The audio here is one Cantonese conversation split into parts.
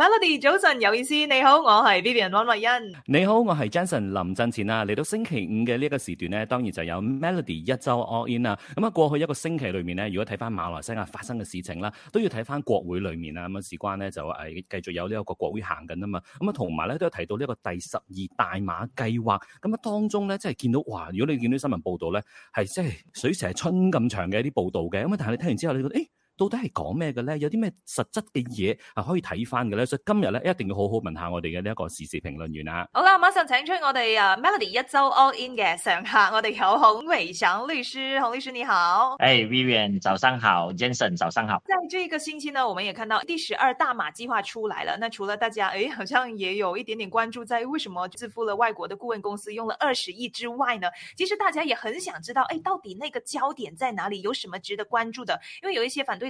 Melody，早晨，有意思。你好，我係 Vivian 安慧欣。你好，我係 Jensen 林振前啊。嚟到星期五嘅呢個時段咧，當然就有 Melody 一周 all in 啊。咁、嗯、啊，過去一個星期裏面咧，如果睇翻馬來西亞發生嘅事情啦，都要睇翻國會裏面啊。咁、嗯、啊，事關咧就誒繼、啊、續有呢一個國會行緊啊嘛。咁、嗯、啊，同埋咧都有提到呢個第十二大馬計劃。咁、嗯、啊，當中咧即係見到哇，如果你見到新聞報道咧，係即係水蛇春咁長嘅一啲報道嘅。咁、嗯、啊，但係你聽完之後，你覺得誒？哎到底係講咩嘅咧？有啲咩實質嘅嘢係可以睇翻嘅咧？所以今日咧一定要好好問，問下我哋嘅呢一個時事評論員啊！好啦，馬上請出我哋啊 Melody 一周 All In 嘅常客，我哋有洪偉翔律師，洪律師你好。誒、hey，Vivian 早上好，Jason 早上好。Jensen，早上好。在這個星期呢，我們也看到第十二大馬計劃出來了。那除了大家誒、哎，好像也有一點點關注在於為什麼支付了外國的顧問公司用了二十億之外呢？其實大家也很想知道誒、哎，到底那個焦點在哪裡，有什麼值得關注的？因為有一些反對。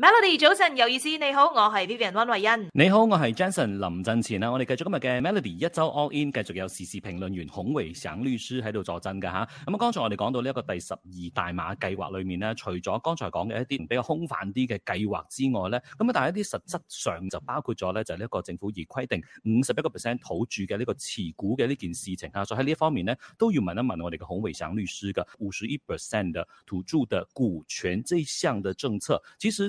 Melody，早晨，有意思，你好，我係 Vivian 溫慧恩。你好，我係 Jason 林振前啊！我哋繼續今日嘅 Melody 一周 All In，繼續有時事評論員洪偉翔律師喺度坐鎮嘅吓。咁啊，剛才我哋講到呢一個第十二大馬計劃裏面咧，除咗剛才講嘅一啲比較空泛啲嘅計劃之外咧，咁啊，但係一啲實質上就包括咗咧，就係呢一個政府而規定五十一個 percent 土著嘅呢個持股嘅呢件事情啊。所以喺呢方面咧，都要問一問我哋嘅洪偉翔律師嘅五十一 percent 的土著的股權呢一項政策，其實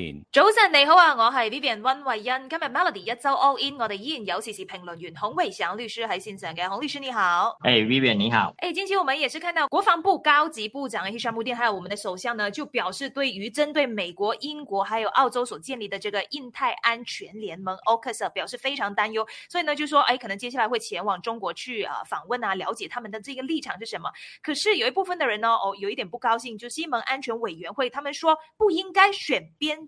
早晨你好啊，我係 Vivian 溫慧欣，今日 Melody 一周 All In，我哋依然有時事評論員洪偉翔律師喺線上嘅，洪律師你好。誒，Vivian 你好。誒，近期我們也是看到國防部高級部長希山慕丁還有我們的首相呢，就表示對於針對美國、英國還有澳洲所建立的這個印太安全聯盟 AUKUS，表示非常擔憂，所以呢就說，誒、哎，可能接下來會前往中國去啊訪問啊，了解他們的這個立場是什麼。可是有一部分的人呢，哦，有一點不高興，就西、是、盟安全委員會，他們說不應該選邊。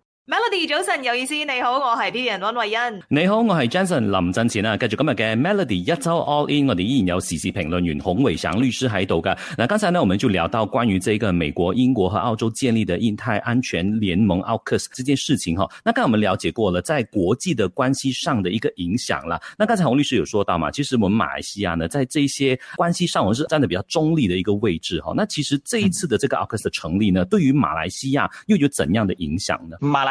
Melody 早晨，有意思，你好，我係主持人安慧恩。你好，我係 Johnson 林振前啊。繼續今日嘅 Melody 一周 All In，我哋依然有時事評論員洪偉翔律師喺度噶。嗱，剛才呢，我們就聊到關於這個美國、英國和澳洲建立的印太安全聯盟 AUKUS 這件事情哈。那剛才我們了解過了，在國際的關係上的一個影響啦。那剛才洪律師有說到嘛，其實我們馬來西亞呢，在這些關係上，我們是站得比較中立的一個位置哈。那其實這一次的這個 AUKUS 的成立呢，對於馬來西亞又有怎樣的影響呢？馬來